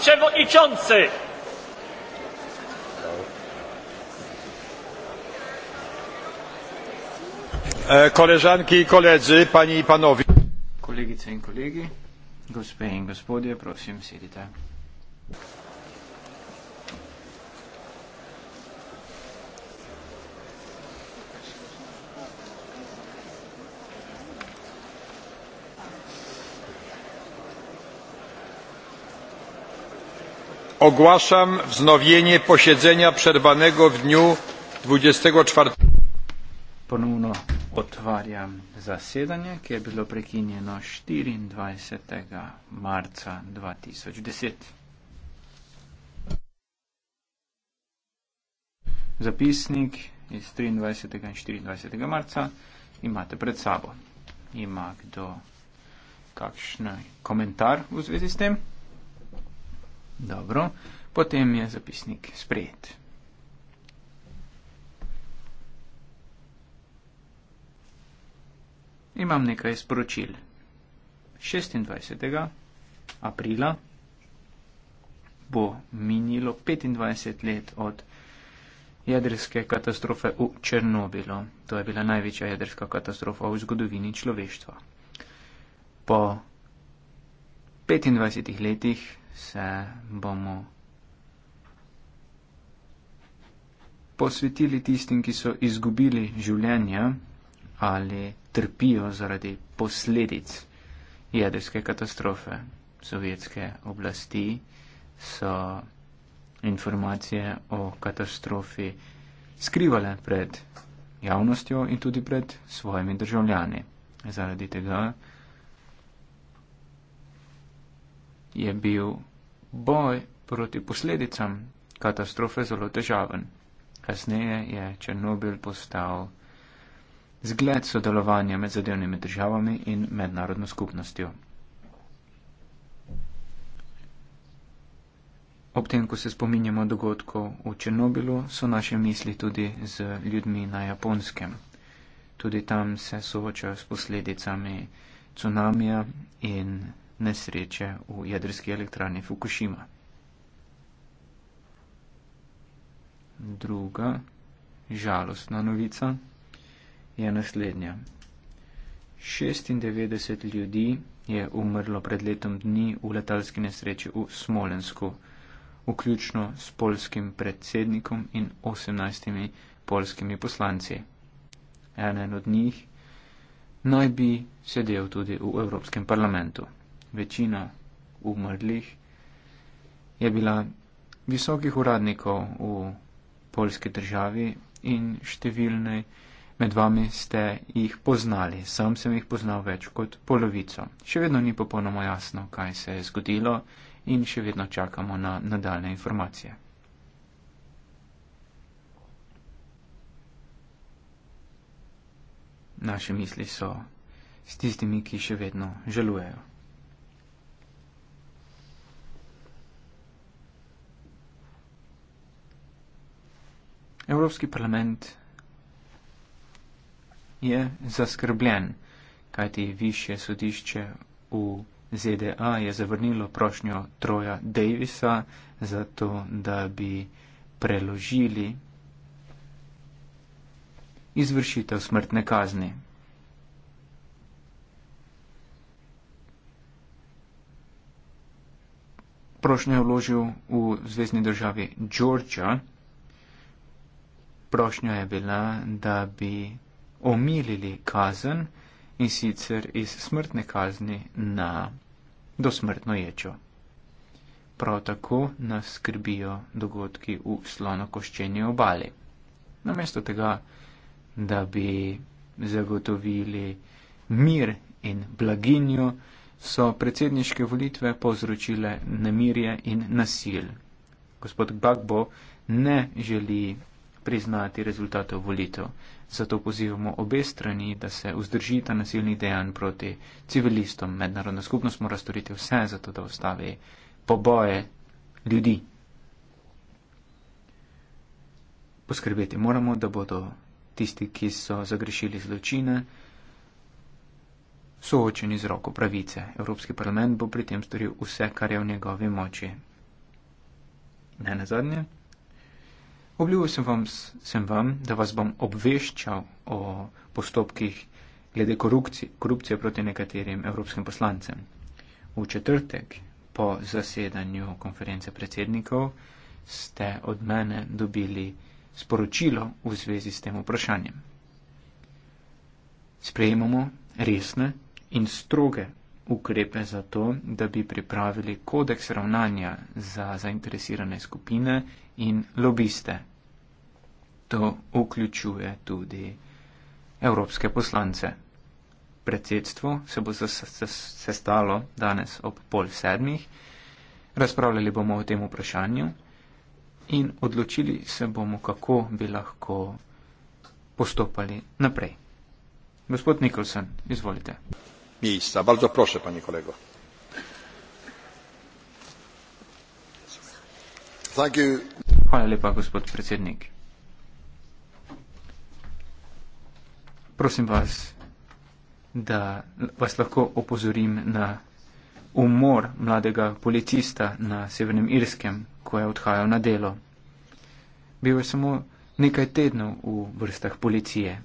przewodniczący. E, koleżanki i koledzy, panie i panowie. Kolegice i kolegi, gospodzie, proszę, siedzite. ogłaszam wznowienie posiedzenia przerwanego w dniu ponovno otvarjam zasedanje ki je bilo prekinjeno 24. marca 2010 zapisnik iz 23. in 24. marca imate pred sabo ima kdo kakšen komentar v zvezi s tem Dobro, potem je zapisnik sprejet. Imam nekaj sporočil. 26. aprila bo minilo 25 let od jedrske katastrofe v Černobilu. To je bila največja jedrska katastrofa v zgodovini človeštva. Po 25 letih se bomo posvetili tistim, ki so izgubili življenje ali trpijo zaradi posledic jedrske katastrofe. Sovjetske oblasti so informacije o katastrofi skrivale pred javnostjo in tudi pred svojimi državljani. Zaradi tega je bil boj proti posledicam katastrofe zelo težaven. Kasneje je Černobil postal zgled sodelovanja med zadevnimi državami in mednarodno skupnostjo. Ob tem, ko se spominjamo dogodkov v Černobilu, so naše misli tudi z ljudmi na japonskem. Tudi tam se soočajo s posledicami cunamija in nesreče v jedrski elektrani Fukushima. Druga žalostna novica je naslednja. 96 ljudi je umrlo pred letom dni v letalski nesreči v Smolensku, vključno s polskim predsednikom in 18 polskimi poslanci. Eden od njih naj bi sedel tudi v Evropskem parlamentu večina umrlih je bila visokih uradnikov v polski državi in številni med vami ste jih poznali. Sam sem jih poznal več kot polovico. Še vedno ni popolnoma jasno, kaj se je zgodilo in še vedno čakamo na nadaljne informacije. Naše misli so s tistimi, ki še vedno želujejo. Evropski parlament je zaskrbljen, kajti više sodišče v ZDA je zavrnilo prošnjo Troja Davisa za to, da bi preložili izvršitev smrtne kazni. Prošnjo je vložil v zvezdni državi Georgia prošnja je bila, da bi omilili kazen in sicer iz smrtne kazni na dosmrtno ječo. Prav tako nas skrbijo dogodki v slonokoščeni obali. Namesto tega, da bi zagotovili mir in blaginjo, so predsedniške volitve povzročile nemirje in nasil. Gospod Gbagbo ne želi priznati rezultatov volitev. Zato pozivamo obe strani, da se vzdržita nasilnih dejanj proti civilistom. Mednarodna skupnost mora storiti vse, zato da ustavi poboje ljudi. Poskrbeti moramo, da bodo tisti, ki so zagrešili zločine, soočeni z roko pravice. Evropski parlament bo pri tem storil vse, kar je v njegovi moči. Ne na zadnje. Obljubil sem vam, sem vam, da vas bom obveščal o postopkih glede korupcije, korupcije proti nekaterim evropskim poslancem. V četrtek, po zasedanju konference predsednikov, ste od mene dobili sporočilo v zvezi s tem vprašanjem. Sprejemamo resne in stroge ukrepe za to, da bi pripravili kodeks ravnanja za zainteresirane skupine in lobiste to vključuje tudi evropske poslance. Predsedstvo se bo sestalo danes ob pol sedmih, razpravljali bomo o tem vprašanju in odločili se bomo, kako bi lahko postopali naprej. Gospod Nikolsen, izvolite. Mista, bardzo proszę, panie kolego. Hvala lepa, gospod predsednik. prosim vas, da vas lahko opozorim na umor mladega policista na Severnem Irskem, ko je odhajal na delo. Bil je samo nekaj tednov v vrstah policije.